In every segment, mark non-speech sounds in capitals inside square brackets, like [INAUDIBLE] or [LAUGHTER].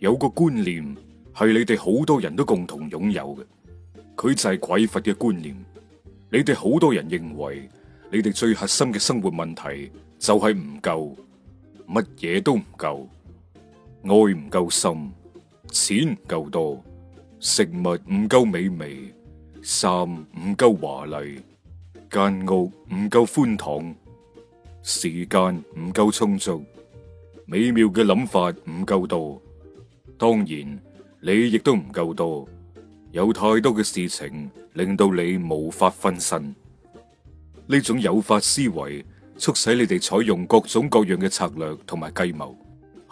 有個觀念係你哋好多人都共同擁有嘅，佢就係匱乏嘅觀念。你哋好多人認為，你哋最核心嘅生活問題就係唔夠，乜嘢都唔夠，愛唔夠深，錢唔夠多，食物唔夠美味，衫唔夠華麗，間屋唔夠寬敞，時間唔夠充足，美妙嘅諗法唔夠多。當然，你亦都唔夠多，有太多嘅事情令到你無法分身。呢種有法思維促使你哋採用各種各樣嘅策略同埋計謀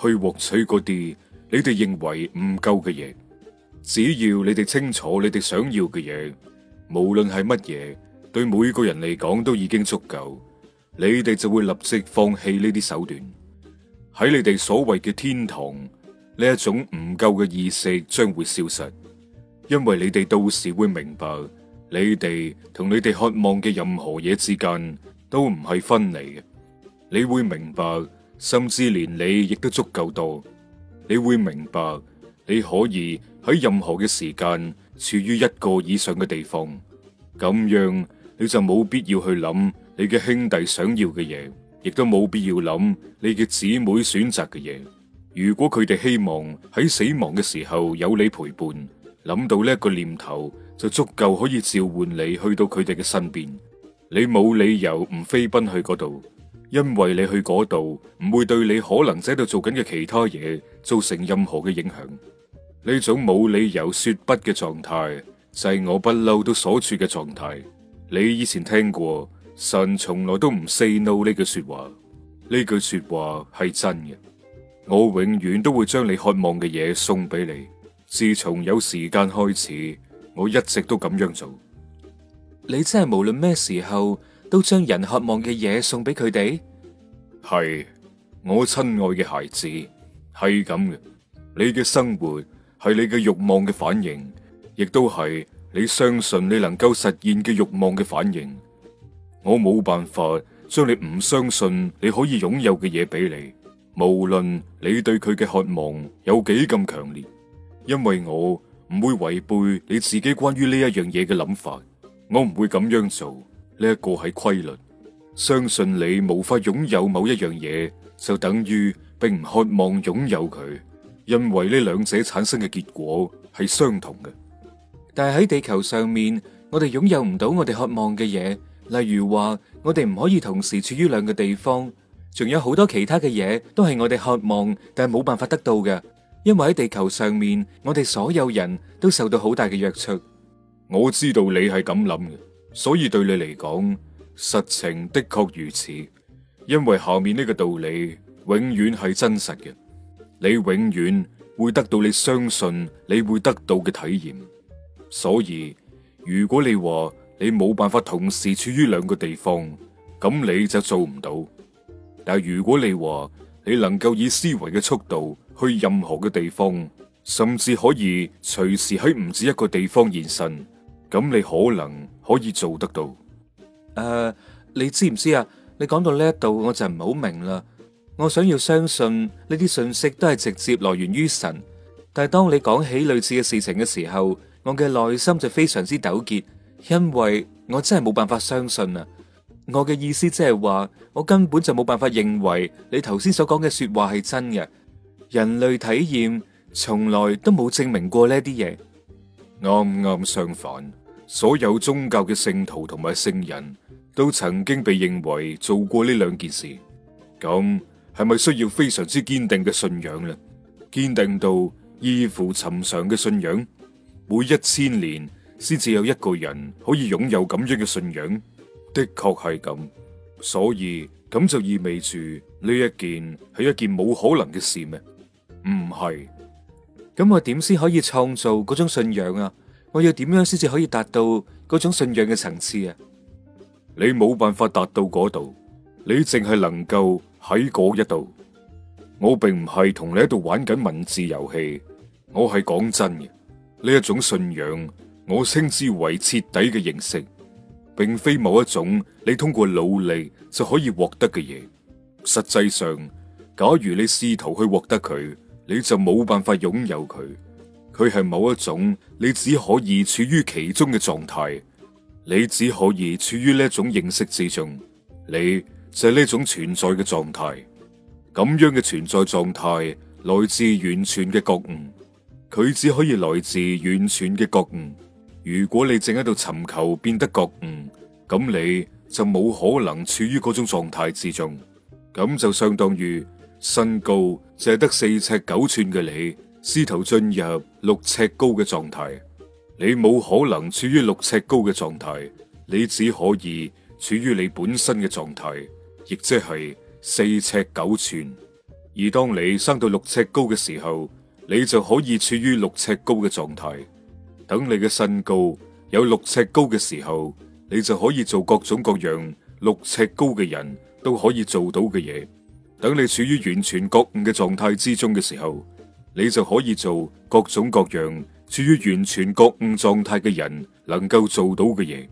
去獲取嗰啲你哋認為唔夠嘅嘢。只要你哋清楚你哋想要嘅嘢，無論係乜嘢，對每個人嚟講都已經足夠，你哋就會立即放棄呢啲手段，喺你哋所謂嘅天堂。呢一種唔夠嘅意識將會消失，因為你哋到時會明白，你哋同你哋渴望嘅任何嘢之間都唔係分離嘅。你會明白，甚至連你亦都足夠多。你會明白，你可以喺任何嘅時間處於一個以上嘅地方，咁樣你就冇必要去諗你嘅兄弟想要嘅嘢，亦都冇必要諗你嘅姊妹選擇嘅嘢。如果佢哋希望喺死亡嘅時候有你陪伴，諗到呢個念頭就足夠可以召喚你去到佢哋嘅身邊。你冇理由唔飛奔去嗰度，因為你去嗰度唔會對你可能喺度做緊嘅其他嘢造成任何嘅影響。呢種冇理由說不嘅狀態就係我不嬲都所處嘅狀態。你以前聽過神從來都唔 say no 呢句說話，呢句說話係真嘅。我永遠都會將你渴望嘅嘢送俾你。自從有時間開始，我一直都咁樣做。你真係無論咩時候都將人渴望嘅嘢送俾佢哋？係，我親愛嘅孩子，係咁嘅。你嘅生活係你嘅慾望嘅反應，亦都係你相信你能夠實現嘅慾望嘅反應。我冇辦法將你唔相信你可以擁有嘅嘢俾你。無論你對佢嘅渴望有幾咁強烈，因為我唔會違背你自己關於呢一樣嘢嘅諗法，我唔會咁樣做。呢一個係規律。相信你無法擁有某一樣嘢，就等於並唔渴望擁有佢，因為呢兩者產生嘅結果係相同嘅。但係喺地球上面，我哋擁有唔到我哋渴望嘅嘢，例如話我哋唔可以同時處於兩個地方。仲有好多其他嘅嘢，都係我哋渴望，但係冇辦法得到嘅。因為喺地球上面，我哋所有人都受到好大嘅約束。我知道你係咁諗嘅，所以對你嚟講，實情的確如此。因為下面呢個道理永遠係真實嘅，你永遠會得到你相信你會得到嘅體驗。所以，如果你話你冇辦法同時處於兩個地方，咁你就做唔到。但如果你話你能夠以思維嘅速度去任何嘅地方，甚至可以隨時喺唔止一個地方現身，咁你可能可以做得到。誒、呃，你知唔知啊？你講到呢一度我就唔好明啦。我想要相信呢啲信息都係直接來源於神，但係當你講起類似嘅事情嘅時候，我嘅內心就非常之糾結，因為我真係冇辦法相信啊。我嘅意思即係話，我根本就冇辦法認為你頭先所講嘅說話係真嘅。人類體驗從來都冇證明過呢啲嘢。啱啱相反，所有宗教嘅聖徒同埋聖人都曾經被認為做過呢兩件事。咁係咪需要非常之堅定嘅信仰咧？堅定到異乎尋常嘅信仰，每一千年先至有一個人可以擁有咁樣嘅信仰。的確係咁，所以咁就意味住呢一件係一件冇可能嘅事咩？唔係，咁我點先可以創造嗰種信仰啊？我要點樣先至可以達到嗰種信仰嘅層次啊？你冇辦法達到嗰度，你淨係能夠喺嗰一度。我並唔係同你喺度玩緊文字遊戲，我係講真嘅。呢一種信仰，我稱之為徹底嘅認識。並非某一種你通過努力就可以獲得嘅嘢，實際上，假如你試圖去獲得佢，你就冇辦法擁有佢。佢係某一種你只可以處於其中嘅狀態，你只可以處於呢種認識之中，你就係呢種存在嘅狀態。咁樣嘅存在狀態來自完全嘅覺悟，佢只可以來自完全嘅覺悟。如果你正喺度尋求變得覺悟，咁你就冇可能處於嗰種狀態之中，咁就相當於身高淨得四尺九寸嘅你，試圖進入六尺高嘅狀態，你冇可能處於六尺高嘅狀態，你只可以處於你本身嘅狀態，亦即係四尺九寸。而當你生到六尺高嘅時候，你就可以處於六尺高嘅狀態。等你嘅身高有六尺高嘅時候，你就可以做各種各樣六尺高嘅人都可以做到嘅嘢。等你處於完全覺悟嘅狀態之中嘅時候，你就可以做各種各樣處於完全覺悟狀態嘅人能夠做到嘅嘢。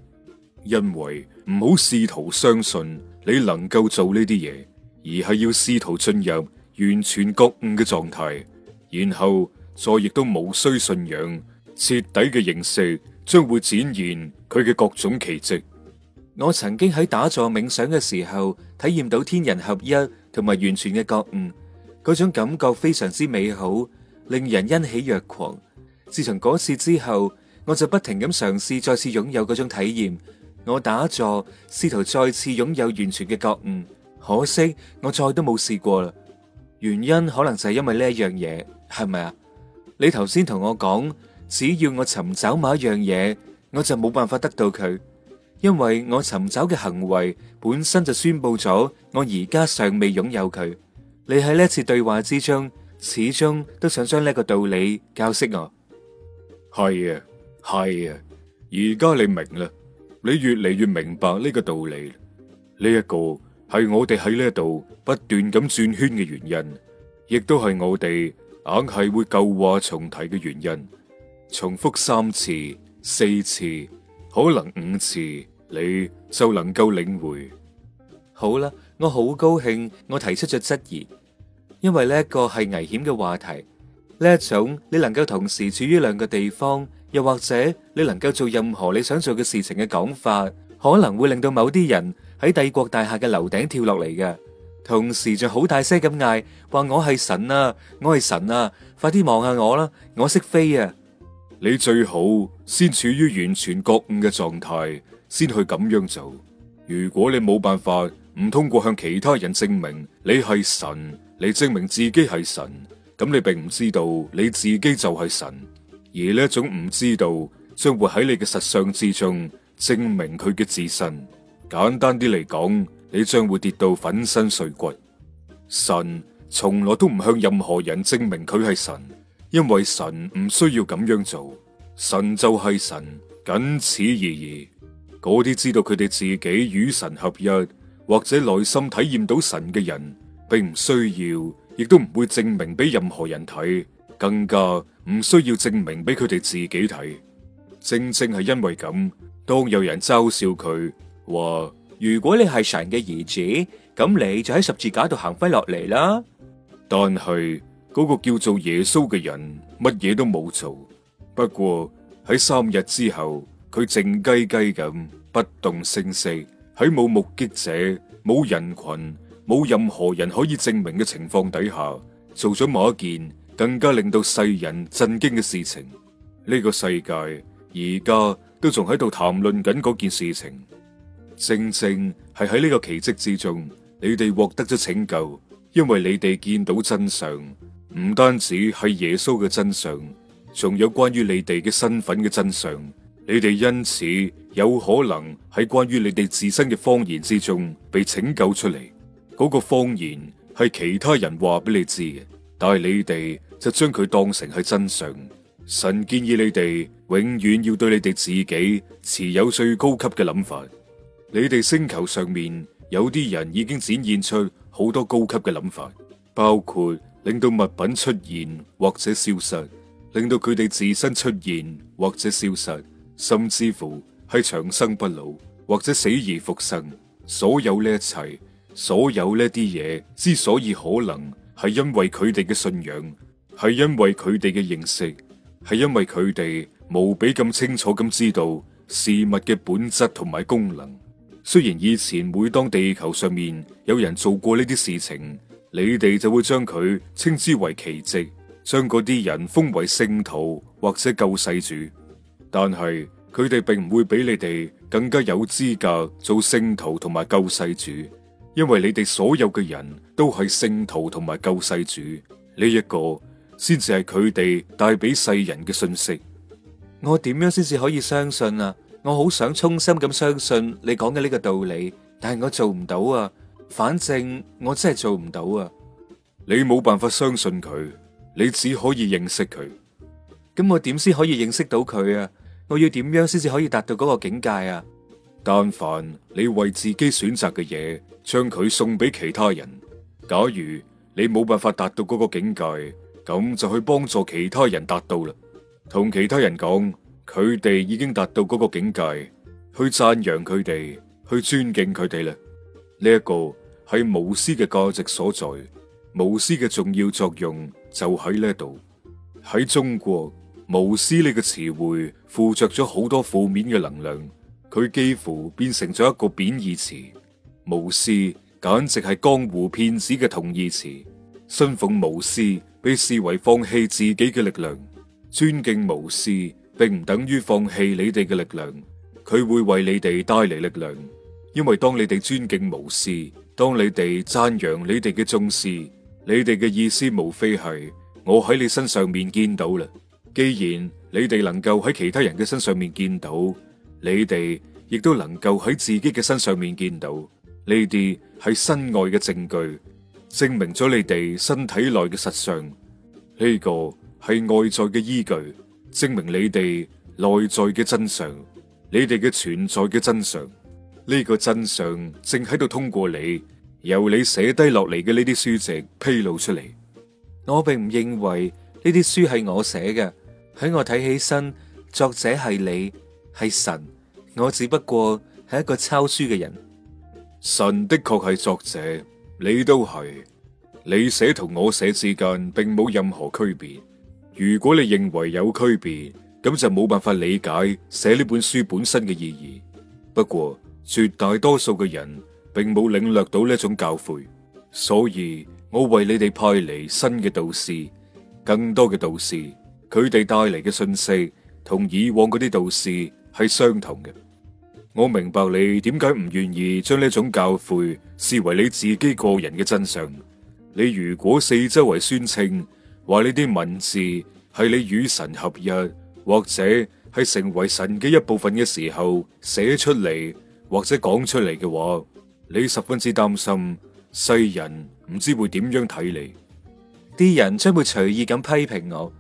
因為唔好試圖相信你能夠做呢啲嘢，而係要試圖進入完全覺悟嘅狀態，然後再亦都無需信仰。徹底嘅形式將會展現佢嘅各種奇蹟。我曾經喺打坐冥想嘅時候體驗到天人合一同埋完全嘅覺悟，嗰種感覺非常之美好，令人欣喜若狂。自從嗰次之後，我就不停咁嘗試再次擁有嗰種體驗。我打坐試圖再次擁有完全嘅覺悟，可惜我再都冇試過啦。原因可能就係因為呢一樣嘢，係咪啊？你頭先同我講。只要我尋找某一樣嘢，我就冇辦法得到佢，因為我尋找嘅行為本身就宣布咗我而家尚未擁有佢。你喺呢次對話之中，始終都想將呢一個道理教識我。係啊，係啊，而家你明啦，你越嚟越明白呢個道理。呢一個係我哋喺呢一度不斷咁轉圈嘅原因，亦都係我哋硬係會舊話重提嘅原因。重複三次、四次，可能五次，你就能夠領會。好啦，我好高興，我提出咗質疑，因為呢一個係危險嘅話題。呢一種你能夠同時處於兩個地方，又或者你能夠做任何你想做嘅事情嘅講法，可能會令到某啲人喺帝國大廈嘅樓頂跳落嚟嘅，同時就好大聲咁嗌：話我係神啊，我係神啊，快啲望下我啦，我識飛啊！你最好先處於完全覺悟嘅狀態，先去咁樣做。如果你冇辦法唔通過向其他人證明你係神，你證明自己係神，咁你並唔知道你自己就係神。而呢一種唔知道，將會喺你嘅實相之中證明佢嘅自身。簡單啲嚟講，你將會跌到粉身碎骨。神從來都唔向任何人證明佢係神。因為神唔需要咁樣做，神就係神，僅此而已。嗰啲知道佢哋自己與神合一，或者內心體驗到神嘅人，並唔需要，亦都唔會證明俾任何人睇，更加唔需要證明俾佢哋自己睇。正正係因為咁，當有人嘲笑佢話，如果你係神嘅兒子，咁你就喺十字架度行翻落嚟啦。但係。嗰個叫做耶穌嘅人，乜嘢都冇做。不過喺三日之後，佢靜雞雞咁不動聲色，喺冇目擊者、冇人群、冇任何人可以證明嘅情況底下，做咗某一件更加令到世人震驚嘅事情。呢個世界而家都仲喺度談論緊嗰件事情。正正係喺呢個奇蹟之中，你哋獲得咗拯救，因為你哋見到真相。唔單止係耶穌嘅真相，仲有關於你哋嘅身份嘅真相。你哋因此有可能喺關於你哋自身嘅謊言之中被拯救出嚟。嗰個謊言係其他人話俾你知嘅，但係你哋就將佢當成係真相。神建議你哋永遠要對你哋自己持有最高級嘅諗法。你哋星球上面有啲人已經展現出好多高級嘅諗法，包括。令到物品出現或者消失，令到佢哋自身出現或者消失，甚至乎係長生不老或者死而復生。所有呢一切，所有呢啲嘢之所以可能，係因為佢哋嘅信仰，係因為佢哋嘅認識，係因為佢哋無比咁清楚咁知道事物嘅本質同埋功能。雖然以前每當地球上面有人做過呢啲事情，你哋就會將佢稱之為奇蹟，將嗰啲人封為聖徒或者救世主，但係佢哋並唔會俾你哋更加有資格做聖徒同埋救世主，因為你哋所有嘅人都係聖徒同埋救世主，呢一個先至係佢哋帶俾世人嘅信息。我點樣先至可以相信啊？我好想衷心咁相信你講嘅呢個道理，但係我做唔到啊！反正我真係做唔到啊！你冇辦法相信佢，你只可以認識佢。咁我點先可以認識到佢啊？我要點樣先至可以達到嗰個境界啊？但凡你為自己選擇嘅嘢，將佢送俾其他人。假如你冇辦法達到嗰個境界，咁就去幫助其他人達到啦。同其他人講，佢哋已經達到嗰個境界，去讚揚佢哋，去尊敬佢哋啦。呢一個係巫師嘅價值所在，巫師嘅重要作用就喺呢度。喺中國，巫師呢個詞彙附着咗好多負面嘅能量，佢幾乎變成咗一個貶義詞。巫師簡直係江湖騙子嘅同義詞。信奉巫師，被視為放棄自己嘅力量；尊敬巫師，並唔等於放棄你哋嘅力量，佢會為你哋帶嚟力量。因為當你哋尊敬無師，當你哋讚揚你哋嘅宗師，你哋嘅意思無非係我喺你身上面見到啦。既然你哋能夠喺其他人嘅身上面見到，你哋亦都能夠喺自己嘅身上面見到。呢啲係身外嘅證據，證明咗你哋身體內嘅實相。呢、這個係外在嘅依據，證明你哋內在嘅真相，你哋嘅存在嘅真相。呢個真相正喺度通過你，由你寫低落嚟嘅呢啲書籍披露出嚟。我並唔認為呢啲書係我寫嘅，喺我睇起身，作者係你，係神，我只不過係一個抄書嘅人。神的確係作者，你都係，你寫同我寫之間並冇任何區別。如果你認為有區別，咁就冇辦法理解寫呢本書本身嘅意義。不過，絕大多數嘅人並冇領略到呢種教誨，所以我為你哋派嚟新嘅導師，更多嘅導師，佢哋帶嚟嘅信息同以往嗰啲導師係相同嘅。我明白你點解唔願意將呢種教誨視為你自己個人嘅真相。你如果四周圍宣稱話呢啲文字係你與神合一，或者係成為神嘅一部分嘅時候寫出嚟。或者講出嚟嘅話，你十分之擔心世人唔知會點樣睇你，啲人將會隨意咁批評我。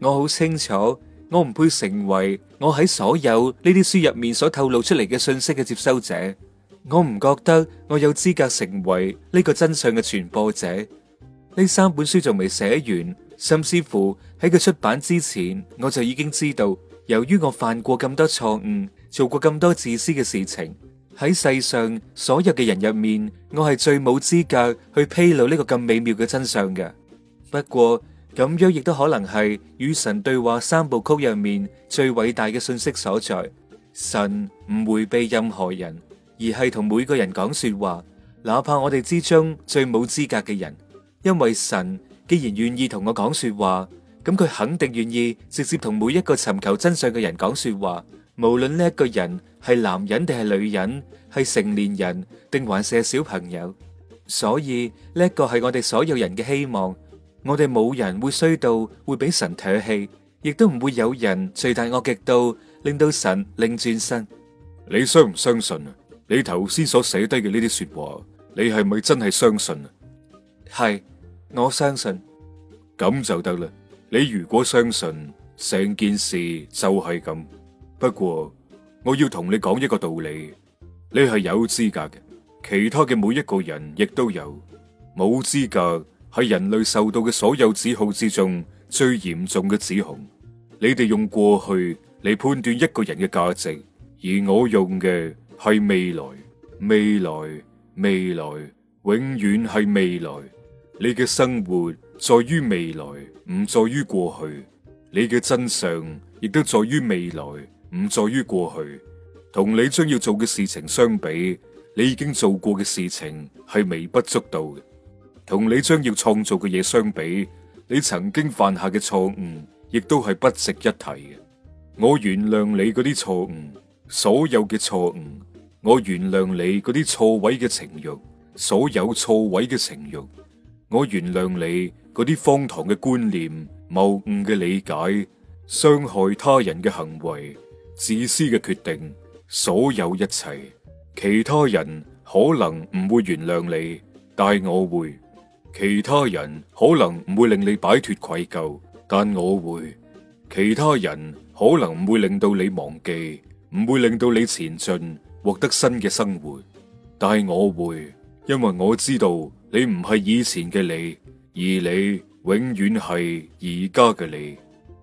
我好清楚，我唔配成為我喺所有呢啲書入面所透露出嚟嘅信息嘅接收者。我唔覺得我有資格成為呢個真相嘅傳播者。呢三本書仲未寫完，甚至乎喺佢出版之前，我就已經知道，由於我犯過咁多錯誤。做過咁多自私嘅事情，喺世上所有嘅人入面，我係最冇資格去披露呢個咁美妙嘅真相嘅。不過咁樣亦都可能係與神對話三部曲入面最偉大嘅信息所在。神唔回避任何人，而係同每個人講說話，哪怕我哋之中最冇資格嘅人，因為神既然願意同我講說話，咁佢肯定願意直接同每一個尋求真相嘅人講說話。無論呢一個人係男人定係女人，係成年人定還是係小朋友，所以呢一個係我哋所有人嘅希望。我哋冇人會衰到會俾神唾棄，亦都唔會有人罪大惡極到令到神擰轉身。你相唔相信啊？你頭先所寫低嘅呢啲說話，你係咪真係相信啊？係，我相信。咁就得啦。你如果相信，成件事就係咁。不過，我要同你講一個道理，你係有資格嘅，其他嘅每一個人亦都有。冇資格係人類受到嘅所有指控之中最嚴重嘅指控。你哋用過去嚟判斷一個人嘅價值，而我用嘅係未，未來，未來，未來，永遠係未來。你嘅生活在於未來，唔在於過去。你嘅真相亦都在於未來。唔在於過去，同你將要做嘅事情相比，你已經做過嘅事情係微不足道嘅；同你將要創造嘅嘢相比，你曾經犯下嘅錯誤亦都係不值一提嘅。我原諒你嗰啲錯誤，所有嘅錯誤；我原諒你嗰啲錯位嘅情欲，所有錯位嘅情欲；我原諒你嗰啲荒唐嘅觀念、謬誤嘅理解、傷害他人嘅行為。自私嘅決定，所有一切，其他人可能唔會原諒你，但我會；其他人可能唔會令你擺脫愧疚，但我會；其他人可能唔會令到你忘記，唔會令到你前進，獲得新嘅生活，但係我會，因為我知道你唔係以前嘅你，而你永遠係而家嘅你。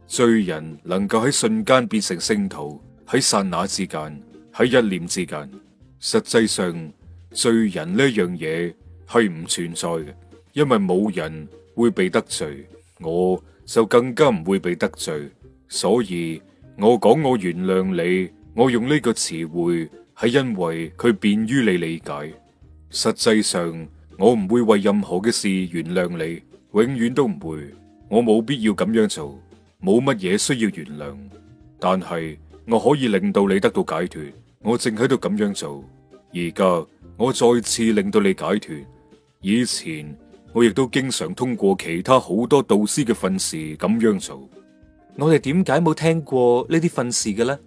罪人能夠喺瞬間變成聖徒。喺剎那之間，喺一念之間，實際上罪人呢樣嘢係唔存在嘅，因為冇人會被得罪，我就更加唔會被得罪。所以我講我原諒你，我用呢個詞彙係因為佢便於你理解。實際上我唔會為任何嘅事原諒你，永遠都唔會。我冇必要咁樣做，冇乜嘢需要原諒，但係，我可以令到你得到解脫，我正喺度咁樣做。而家我再次令到你解脫，以前我亦都經常通過其他好多導師嘅訓示咁樣做。我哋點解冇聽過呢啲訓示嘅咧？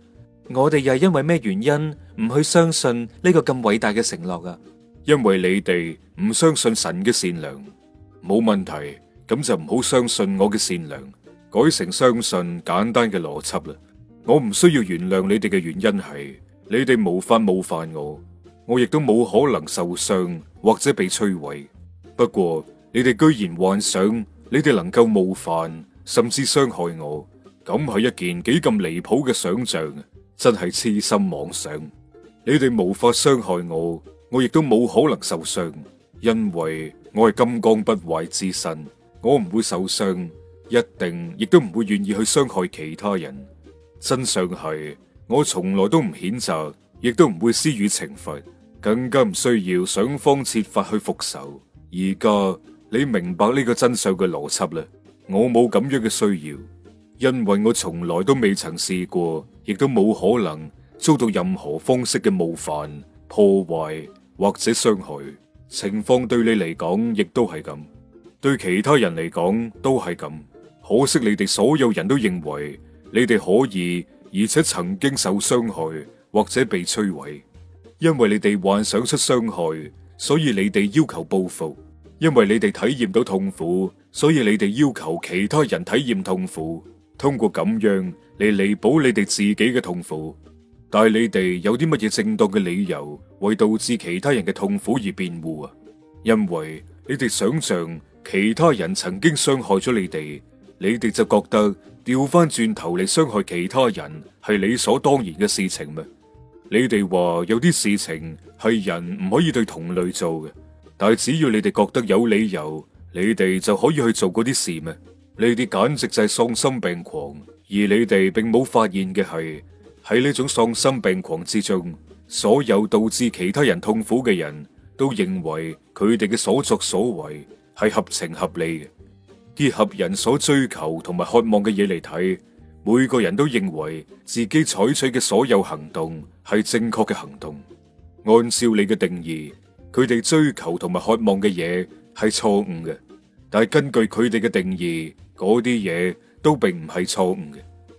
我哋又係因為咩原因唔去相信呢個咁偉大嘅承諾啊？因為你哋唔相信神嘅善良，冇問題，咁就唔好相信我嘅善良，改成相信簡單嘅邏輯啦。我唔需要原諒你哋嘅原因係，你哋無法冒犯我，我亦都冇可能受傷或者被摧毀。不過你哋居然幻想你哋能夠冒犯甚至傷害我，咁係一件幾咁離譜嘅想象，真係痴心妄想。你哋無法傷害我，我亦都冇可能受傷，因為我係金剛不壞之身，我唔會受傷，一定亦都唔會願意去傷害其他人。真相係，我從來都唔譴責，亦都唔會施予懲罰，更加唔需要想方設法去復仇。而家你明白呢個真相嘅邏輯啦，我冇咁樣嘅需要，因為我從來都未曾試過，亦都冇可能遭到任何方式嘅冒犯、破壞或者傷害。情況對你嚟講亦都係咁，對其他人嚟講都係咁。可惜你哋所有人都認為。你哋可以，而且曾經受傷害或者被摧毀，因為你哋幻想出傷害，所以你哋要求報復；因為你哋體驗到痛苦，所以你哋要求其他人體驗痛苦。通過咁樣嚟彌補你哋自己嘅痛苦，但係你哋有啲乜嘢正當嘅理由為導致其他人嘅痛苦而辯護啊？因為你哋想象其他人曾經傷害咗你哋。你哋就覺得調翻轉頭嚟傷害其他人係理所當然嘅事情咩？你哋話有啲事情係人唔可以對同類做嘅，但係只要你哋覺得有理由，你哋就可以去做嗰啲事咩？你哋簡直就係喪心病狂，而你哋並冇發現嘅係，喺呢種喪心病狂之中，所有導致其他人痛苦嘅人都認為佢哋嘅所作所為係合情合理嘅。結合人所追求同埋渴望嘅嘢嚟睇，每個人都認為自己採取嘅所有行動係正確嘅行動。按照你嘅定義，佢哋追求同埋渴望嘅嘢係錯誤嘅，但係根據佢哋嘅定義，嗰啲嘢都並唔係錯誤嘅。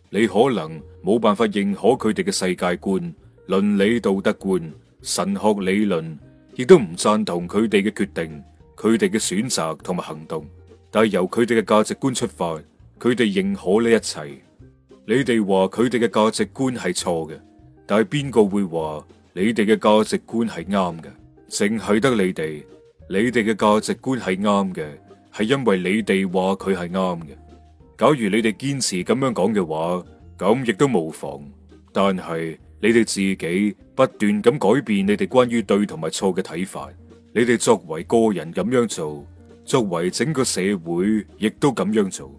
你可能冇辦法認可佢哋嘅世界觀、倫理道德觀、神學理論，亦都唔贊同佢哋嘅決定、佢哋嘅選擇同埋行動。但係由佢哋嘅價值觀出發，佢哋認可呢一切。你哋話佢哋嘅價值觀係錯嘅，但係邊個會話你哋嘅價值觀係啱嘅？淨係得你哋，你哋嘅價值觀係啱嘅，係因為你哋話佢係啱嘅。假如你哋堅持咁樣講嘅話，咁亦都無妨。但係你哋自己不斷咁改變你哋關於對同埋錯嘅睇法，你哋作為個人咁樣做。作為整個社會亦都咁樣做，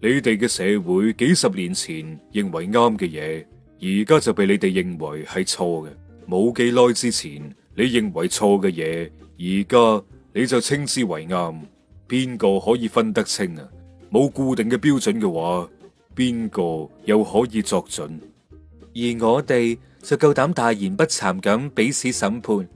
你哋嘅社會幾十年前認為啱嘅嘢，而家就被你哋認為係錯嘅。冇幾耐之前，你認為錯嘅嘢，而家你就稱之為啱，邊個可以分得清啊？冇固定嘅標準嘅話，邊個又可以作準？而我哋就夠膽大言不慚咁彼此審判。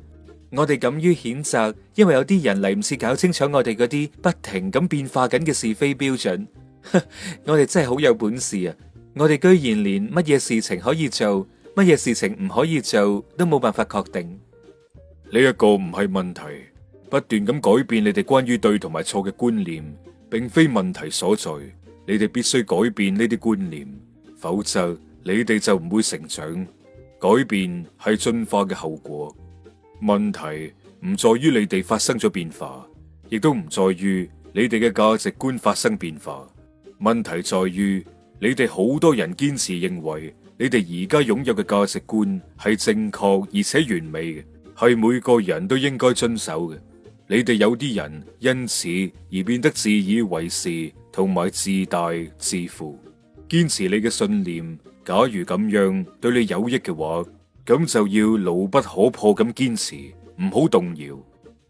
我哋敢於譴責，因為有啲人嚟唔切搞清楚我哋嗰啲不停咁變化緊嘅是非標準。 [LAUGHS] 我哋真係好有本事啊！我哋居然連乜嘢事情可以做，乜嘢事情唔可以做，都冇辦法確定。呢一個唔係問題，不斷咁改變你哋關於對同埋錯嘅觀念，並非問題所在。你哋必須改變呢啲觀念，否則你哋就唔會成長。改變係進化嘅後果。問題唔在於你哋發生咗變化，亦都唔在於你哋嘅價值觀發生變化。問題在於你哋好多人堅持認為你哋而家擁有嘅價值觀係正確而且完美嘅，係每個人都應該遵守嘅。你哋有啲人因此而變得自以為是同埋自大自負。堅持你嘅信念，假如咁樣對你有益嘅話。咁就要牢不可破咁堅持，唔好動搖。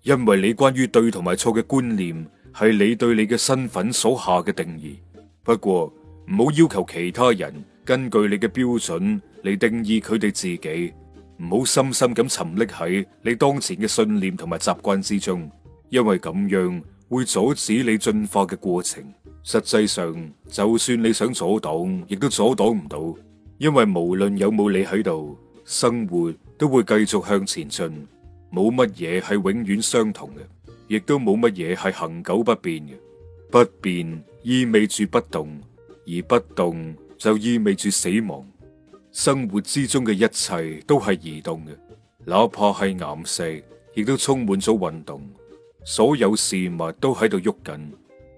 因為你關於對同埋錯嘅觀念係你對你嘅身份所下嘅定義。不過唔好要，要求其他人根據你嘅標準嚟定義佢哋自己。唔好深深咁沉溺喺你當前嘅信念同埋習慣之中，因為咁樣會阻止你進化嘅過程。實際上，就算你想阻擋，亦都阻擋唔到，因為無論有冇你喺度。生活都會繼續向前進，冇乜嘢係永遠相同嘅，亦都冇乜嘢係恒久不變嘅。不變意味住不動，而不動就意味住死亡。生活之中嘅一切都係移動嘅，哪怕係岩石，亦都充滿咗運動。所有事物都喺度喐緊，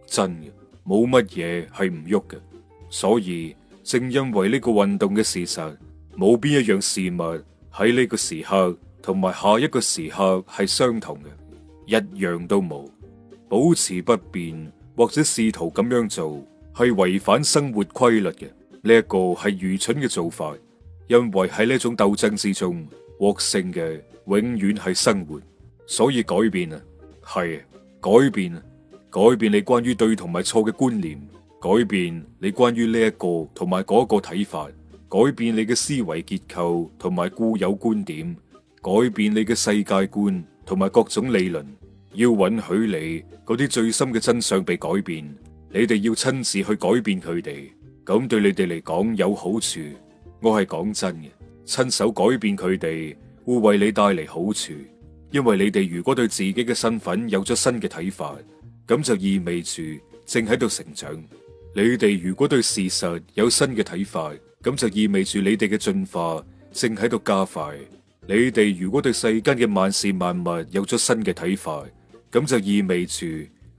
真嘅冇乜嘢係唔喐嘅。所以正因為呢個運動嘅事實。冇邊一樣事物喺呢個時刻同埋下一個時刻係相同嘅，一樣都冇，保持不變或者試圖咁樣做係違反生活規律嘅，呢一個係愚蠢嘅做法。因為喺呢種鬥爭之中，獲勝嘅永遠係生活，所以改變啊，係啊，改變啊，改變你關於對同埋錯嘅觀念，改變你關於呢一個同埋嗰個睇法。改變你嘅思維結構同埋固有觀點，改變你嘅世界觀同埋各種理論，要允許你嗰啲最深嘅真相被改變。你哋要親自去改變佢哋，咁對你哋嚟講有好處。我係講真嘅，親手改變佢哋會為你帶嚟好處，因為你哋如果對自己嘅身份有咗新嘅睇法，咁就意味住正喺度成長。你哋如果對事實有新嘅睇法。咁就意味住你哋嘅進化正喺度加快。你哋如果對世間嘅萬事萬物有咗新嘅睇法，咁就意味住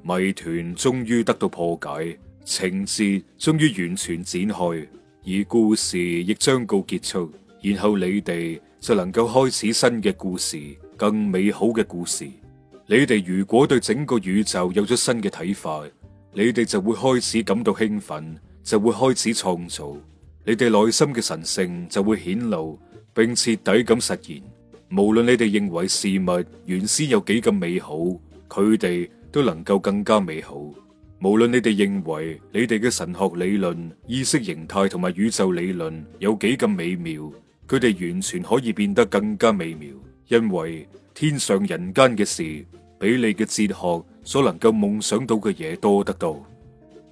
謎團終於得到破解，情節終於完全展開，而故事亦將告結束。然後你哋就能夠開始新嘅故事，更美好嘅故事。你哋如果對整個宇宙有咗新嘅睇法，你哋就會開始感到興奮，就會開始創造。你哋內心嘅神聖就會顯露，並徹底咁實現。無論你哋認為事物原先有幾咁美好，佢哋都能夠更加美好。無論你哋認為你哋嘅神學理論、意識形態同埋宇宙理論有幾咁美妙，佢哋完全可以變得更加美妙。因為天上人間嘅事比你嘅哲學所能夠夢想到嘅嘢多得多，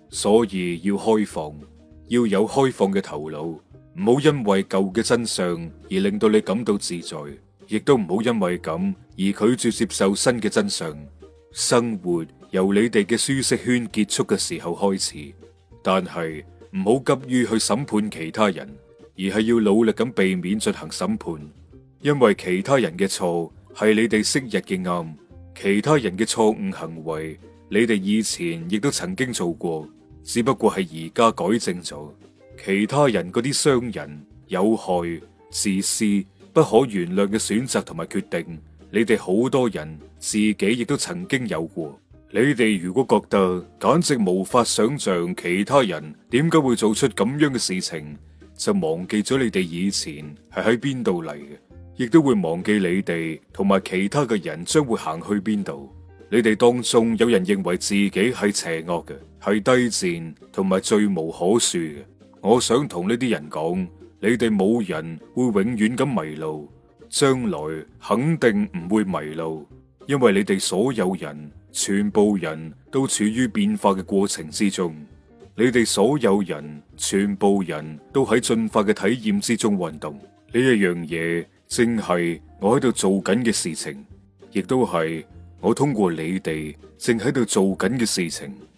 所以要開放。要有開放嘅頭腦，唔好因為舊嘅真相而令到你感到自在，亦都唔好因為咁而拒絕接受新嘅真相。生活由你哋嘅舒適圈結束嘅時候開始，但係唔好急於去審判其他人，而係要努力咁避免進行審判，因為其他人嘅錯係你哋昔日嘅暗，其他人嘅錯誤行為，你哋以前亦都曾經做過。只不過係而家改正咗，其他人嗰啲傷人、有害、自私、不可原諒嘅選擇同埋決定，你哋好多人自己亦都曾經有過。你哋如果覺得簡直無法想象其他人點解會做出咁樣嘅事情，就忘記咗你哋以前係喺邊度嚟嘅，亦都會忘記你哋同埋其他嘅人將會行去邊度。你哋當中有人認為自己係邪惡嘅，係低賤同埋罪無可恕嘅。我想同呢啲人講，你哋冇人會永遠咁迷路，將來肯定唔會迷路，因為你哋所有人全部人都處於變化嘅過程之中。你哋所有人全部人都喺進化嘅體驗之中運動。呢一樣嘢，正係我喺度做緊嘅事情，亦都係。我通過你哋正喺度做緊嘅事情。